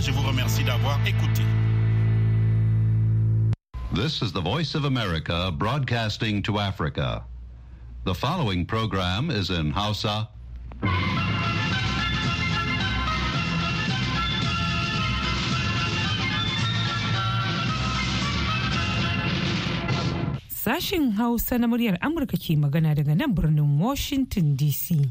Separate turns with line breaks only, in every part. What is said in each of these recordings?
Je vous remercie d'avoir écouté.
This is the Voice of America broadcasting to Africa. The following program is in Hausa. Sashin Hausa na muryar Amurka ke magana daga nan birnin Washington DC.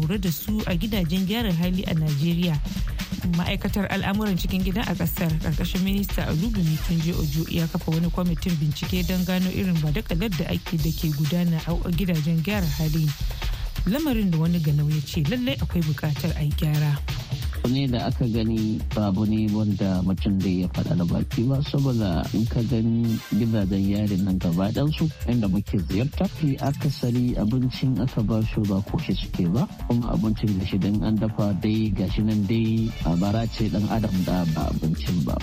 ɗaure da su a gidajen gyaran hali a Najeriya. Ma'aikatar al'amuran cikin gida a ƙasar ƙarƙashin minista Olubumi Tunje Ojo ya kafa wani kwamitin bincike don gano irin ba da ake da ke gudana a gidajen gyara hali. Lamarin da wani ganau ya ce lallai akwai bukatar a yi gyara.
abu ne da aka gani babu ne wanda mutum da ya faɗa da baki ba saboda in ka gani gidajen yari nan gaba ɗansu inda muke ziyarta fi akasari abincin aka ba shi ba koshi suke ba kuma abincin shi don an dafa dai gashi nan dai a bara ce dan adam da ba abincin ba.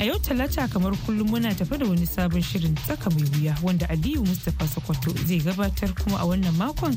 A yau talata kamar kullum muna tafi da wani sabon shirin tsaka mai wuya wanda Aliyu Mustapha Sokoto zai gabatar kuma a wannan makon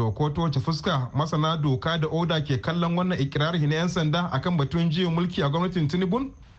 To ko ta wace fuska masana doka da oda ke kallon wannan ikirari na 'yan sanda akan batun jiyo mulki a gwamnatin Tinubu?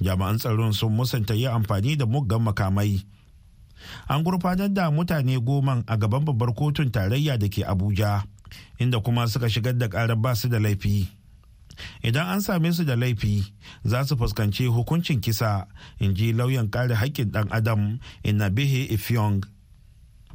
jami'an tsaron sun musanta yi amfani da muggan makamai an gurfanar da mutane goma a gaban babbar kotun tarayya da ke abuja inda kuma suka shigar da karar basu da laifi idan an same su da laifi za su fuskanci hukuncin kisa in ji lauyan kare haƙƙin ɗan adam bihe ifiong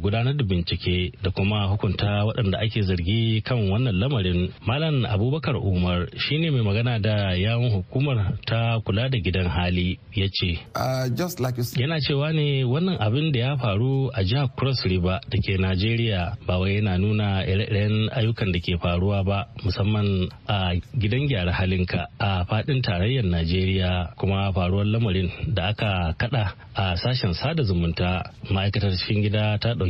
gudanar da bincike da kuma hukunta waɗanda ake zargi kan wannan lamarin malam abubakar umar shine mai magana da yawon hukumar ta kula da gidan hali ya ce uh, yana cewa ne wannan abin da ya faru a jihar cross river da ke najeriya ba wai yana nuna ire-iren ayyukan da ke faruwa ba musamman a gidan gyara halinka a faɗin tarayyar najeriya kuma faruwar lamarin da aka kada a sashen sada zumunta ma'aikatar cikin gida ta ɗauki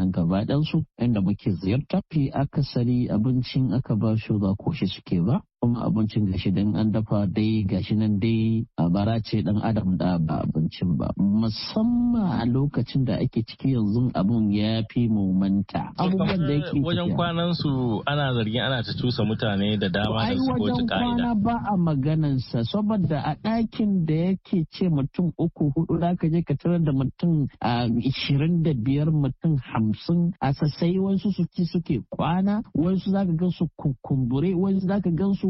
nan gaba ɗansu inda muke ziyarta fi akasari abincin aka ba shi ba ko shi suke ba kuma abincin gashi don an dafa dai gashi nan dai a bara ce dan adam da ba abincin ba musamman a lokacin da ake ciki yanzu abun ya fi mumanta abubuwan da yake wajen kwanan su ana zargin ana ta cusa mutane da dama da su goji ka'ida ba a maganan sa saboda a dakin da yake ce mutum uku hudu ka je ka tarar da mutum a ishirin da biyar mutum hamsin a sassai wasu su suke kwana wasu zaka gan su kumbure wasu zaka gan su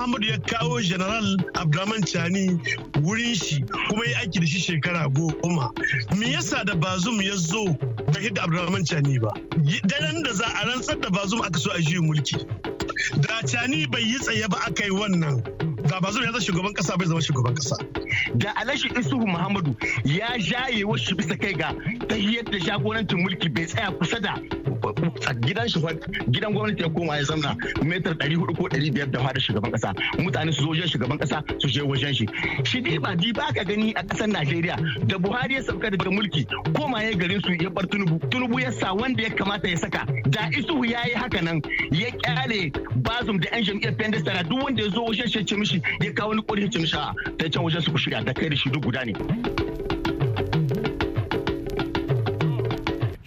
muhammadu ya kawo general abdulrahman chani wurin shi kuma ya aiki da shi shekara goma me yasa da bazum ya zo bai hidda abdulrahman chani ba daren da za a rantsar da bazum aka so a juyin mulki da chani bai yi tsaye ba aka yi wannan da bazum ya zama shugaban kasa bai zama shugaban kasa
da alashi isuhu muhammadu ya jaye wasu bisa kai ga tahiyar da jagorancin mulki bai tsaya kusa da a gidan shi gidan gwamnati ya koma ya zamna metar hudu ko biyar da fara shugaban kasa mutane su zo wajen shugaban kasa su je wajen shi shi dai ba di ba ka gani a kasar Najeriya da Buhari ya sauka daga mulki koma ya garin su ya bar Tunubu Tunubu ya sa wanda ya kamata ya saka da Isuhu ya yi haka nan ya kyale bazum da yan jam'iyyar pendes tara duk wanda ya zo wajen shi ya ce mishi ya kawo ni kori ya ce mishi a ta can wajen su ku shirya da kai da shi duk guda ne.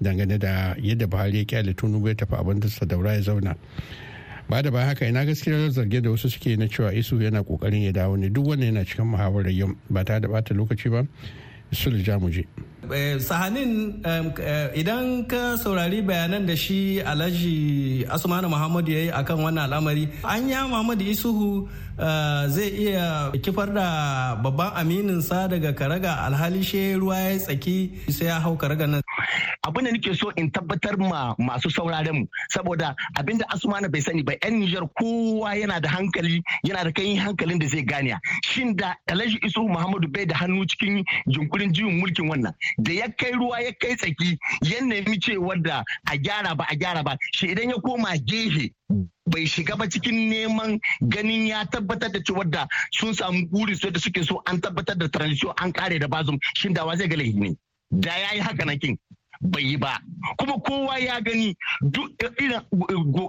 dangane da yadda buhari ya kyale tunubu ya tafi abin da daura ya zauna ba da ba haka ina gaskiyar zarge da wasu suke na cewa isu yana kokarin ya dawo ne duk wanda yana cikin muhawarar yau ba ta da bata lokaci ba sulu muje.
Eh, sahanin eh, idan ka saurari bayanan da shi alhaji asmanu muhammadu ya yi akan wannan al'amari an ya muhammadu isuhu eh, zai iya kifar da babban aminin sa daga karaga alhali shi ruwa ya tsaki sai ya hau karaga nan abin da nake
so in tabbatar ma masu sauraren mu saboda abin da asmana bai sani ba yan nijar kowa yana da hankali yana da kai hankalin da zai gane shin da alhaji isu muhammadu bai da hannu cikin jinkurin jiwon mulkin wannan da ya kai ruwa ya kai tsaki ya nemi cewa da a gyara ba a gyara ba shi idan ya koma gehe bai shiga ba cikin neman ganin ya tabbatar da cewa da sun samu guri so da suke so an tabbatar da transition an kare da bazum shin da wa zai ga laifi ne da yayi haka nan kin bai yi ba kuma kowa ya gani duk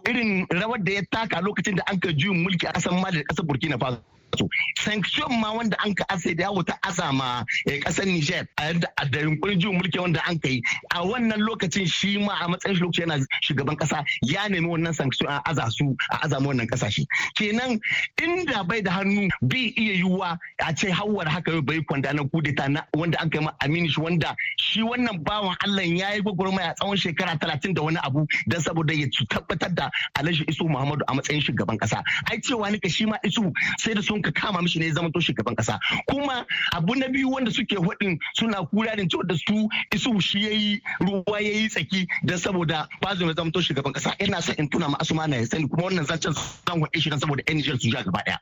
irin rawar da ya taka lokacin da an ka juyin mulki a ƙasar mali da ƙasar burkina faso su sanction ma wanda an ka asa da yawo ta asa ma kasar eh, Niger a yadda a da yunkurin jin mulki wanda an kai a wannan lokacin shi ma a matsayin shi lokacin yana shugaban kasa ya nemi wannan sanction a aza su a aza wannan kasashe kenan inda bai da hannu bi iya yiwuwa a ce hawar haka yau bai kwanda na kudeta na wanda an kai ma Aminu shi wanda shi wannan bawan Allah ya yi gwagwarmaya a tsawon shekara talatin da wani abu don saboda ya tabbatar da Alhaji Isu Muhammadu a matsayin shugaban kasa ai cewa nika shi ma Isu sai da sun ka kama mishi ne zama to shugaban kasa kuma abu na biyu wanda suke hudin suna kura da cewa da su isu shi yayi ruwa yayi tsaki dan saboda bazu ya zama to shugaban kasa ina son in tuna ma asuma na sani kuma wannan zancen zan hade shi dan saboda NGL su ja gaba daya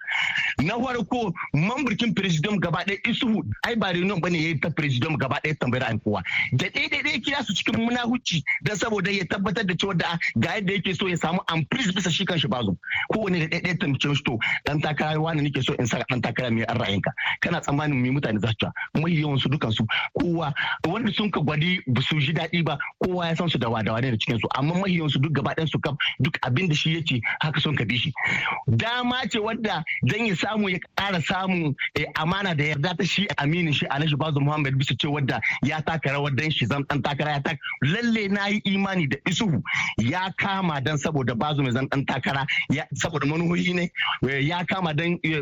na farko mamburkin president gaba daya isu ai ba reunion bane yayi ta president gaba daya tambayar an kowa da daidai dai kira su cikin munahuci dan saboda ya tabbatar da cewa da ga yadda yake so ya samu amprise bisa shi shi bazo kowane da daidai tantance shi to dan takarawa ne nake so so in saka an takara mai ra'ayinka kana tsammanin mai mutane za su ta mai yawan su dukan su kowa wanda sun ka gwadi ba su ji daɗi ba kowa ya san su da wadawa ne da cikin su amma mai yawan su duk gaba ɗayan su kam duk abin da shi yake haka sun ka bi shi dama ce wadda dan ya samu ya ƙara samun eh, amana da yarda ta shi aminin shi Alhaji bazu Muhammad bisa ce wadda ya taka rawar dan shi zan dan takara ya taka lalle na yi imani da isuhu ya kama dan saboda bazu mai zan dan takara saboda manuhoyi ne eh, ya kama dan eh,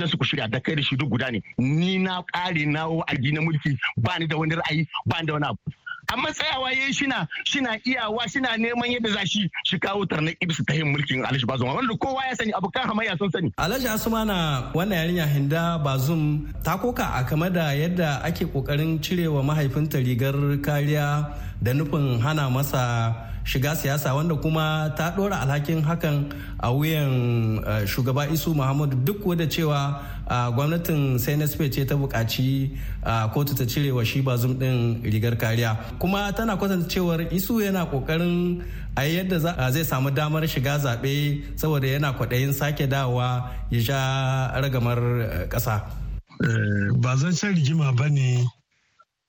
wajen su ku shirya da kai da shi duk guda ne ni na kare na wa'adi na mulki ba ni da wani ra'ayi ba ni da wani abu amma tsayawa ya yi shina shina iyawa shina neman yadda za shi shi kawo tarnar ibsu ta yin mulkin alhaji bazum
wanda kowa ya sani abokan hamayya sun sani alhaji asumana wannan yarinya hinda bazum ta koka a kama da yadda ake kokarin cirewa mahaifinta rigar kariya da nufin hana masa shiga siyasa wanda kuma ta ɗora alhakin hakan a wuyan eh, shugaba isu muhammadu duk wadda cewa ah, gwamnatin sainaspe ce ta buƙaci ah, kotu ta cire wa shi bazum ɗin rigar kariya kuma tana kwatanta cewar isu yana ƙoƙarin a yadda zai samu damar shiga zaɓe saboda yana kwaɗayin sake dawowa ya sha ragamar eh, ƙasa.
Eh, ba zan rigima ba ne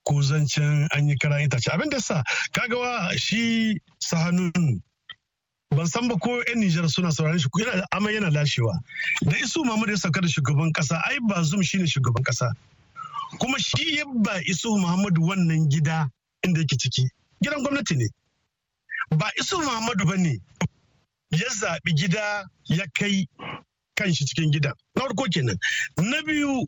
ko zancen an yi kira itace abin da sa wa shi sahanun ban san ba ko yan Nijar suna sauraron shi kuma amma yana lashewa da isu Muhammad ya sauka da shugaban kasa ai ba zum shine shugaban kasa kuma shi ya ba isu Muhammad wannan gida inda yake ciki gidan gwamnati ne ba isu Muhammadu ba ne ya zaɓi gida ya kai kan shi cikin gida na farko kenan na biyu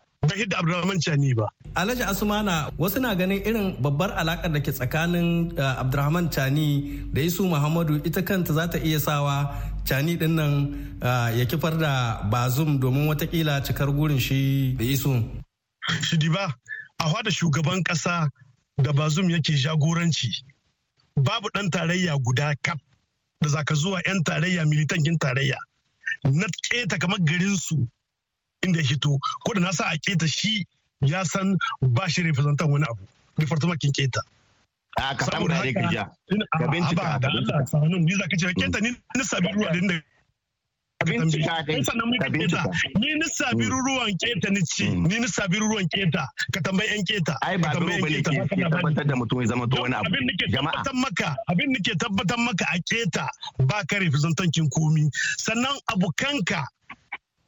ban hidda abdurrahman chani ba alhaji asumana wasu na ganin irin babbar alakar da ke tsakanin eh, abdurrahman chani da isu muhammadu ita kanta za ta iya sawa cani din nan eh, ya kifar da bazum domin watakila cikar gurin shi da isu Shidi ba a hada shugaban kasa da bazum yake jagoranci
babu dan tarayya guda kaf da zaka zuwa 'yan tarayya militankin tarayya na keta kamar garinsu inda ya to ko da na sa a keta shi ya san ba shi representan wani abu department kin keta
a ah, ka samu da ne kija
ka bincika da Allah ni za ka ce keta ni ni sabi ruwa din da ka bincika ni ni sabi hmm. ruwan keta ni ci hmm. ni ni sabi ruwan keta ka tambayi yan keta ai ba dole bane ke tabbatar da mutum
ya zama to wani abu jama'a abin maka
abin nake tabbatar maka a keta ba ka representan kin komi sannan kanka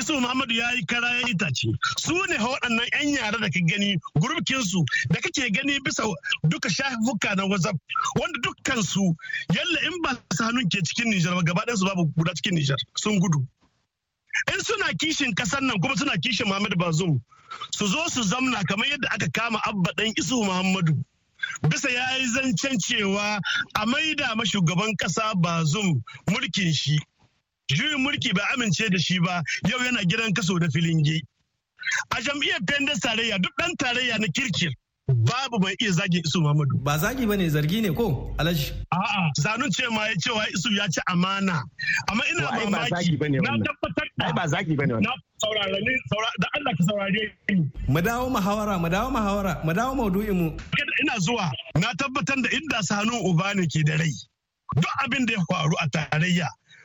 Isu Muhammadu ya yi kara ya itace su ne waɗannan 'yan yara da ka gani gurbikinsu da kake gani bisa duka shafuka na WhatsApp wanda dukkansu yalla in ba su hannun ke cikin Nijar ba gaba su babu guda cikin Nijar sun gudu. In suna kishin ƙasar nan kuma suna kishin Muhammadu Bazum su zo su zamna kamar yadda aka kama abba ɗan Isu Muhammadu. bisa ya yi zancen cewa a maida shugaban ƙasa bazum mulkin shi juyin mulki bai amince da shi ba yau yana gidan kaso da filingi a jam'iyyar pendas tarayya duk dan tarayya na kirkir babu mai iya zagin isu Muhammadu. Ba zagi bane zargi ne ko Alhaji? A'a, zanun ce ma ya cewa isu ya ci
amana. Amma
ina mamaki. Na
tabbatar da. ba zagi ne wannan. da Allah ka saurare ni. Mu dawo muhawara, mu dawo muhawara, mu dawo maudu'in mu. Ina
zuwa, na tabbatar da inda Sanu Uba ne ke da rai. Duk abin da ya faru a tarayya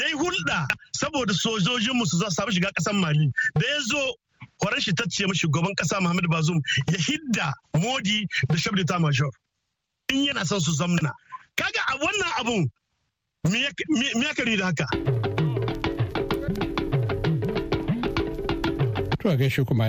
ya yi hulɗa saboda sojojinmu su samu shiga ƙasar mali da ya zo kwarar shi ta ce shugaban ƙasa muhammadu bazum ya hidda modi da shabda ta major in yana son su zamna kaga a wannan abun
me ya kari da haka a gaishe kuma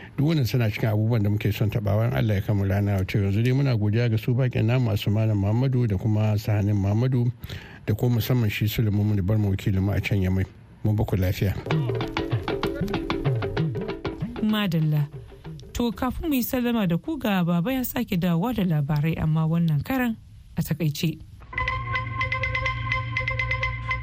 duk wannan suna cikin abubuwan da muke son tabawan Allah ya kama rana wace yanzu dai muna godiya ga su bakin namu masu malam Muhammadu da kuma sahanin Muhammadu da ko musamman shi Sulaiman mun bar mu wakilin mu a can Yamai mun baku lafiya
madalla to kafin mu yi sallama da ku ga baba ya sake dawowa da labarai amma wannan karan a takaice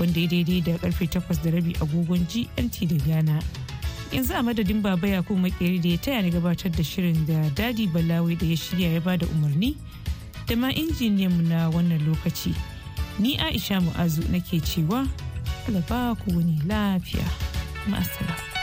wanda ya daidai da karfe 8 da rabi agogon gmt da ghana yanzu a madadin baba yakubu makeri da ya taya ni gabatar da shirin da dadi balawi da ya shirya ya bada umarni da ma injiniyanmu na wannan lokaci ni aisha mu'azu nake cewa alaba ku wani lafiya ma'asala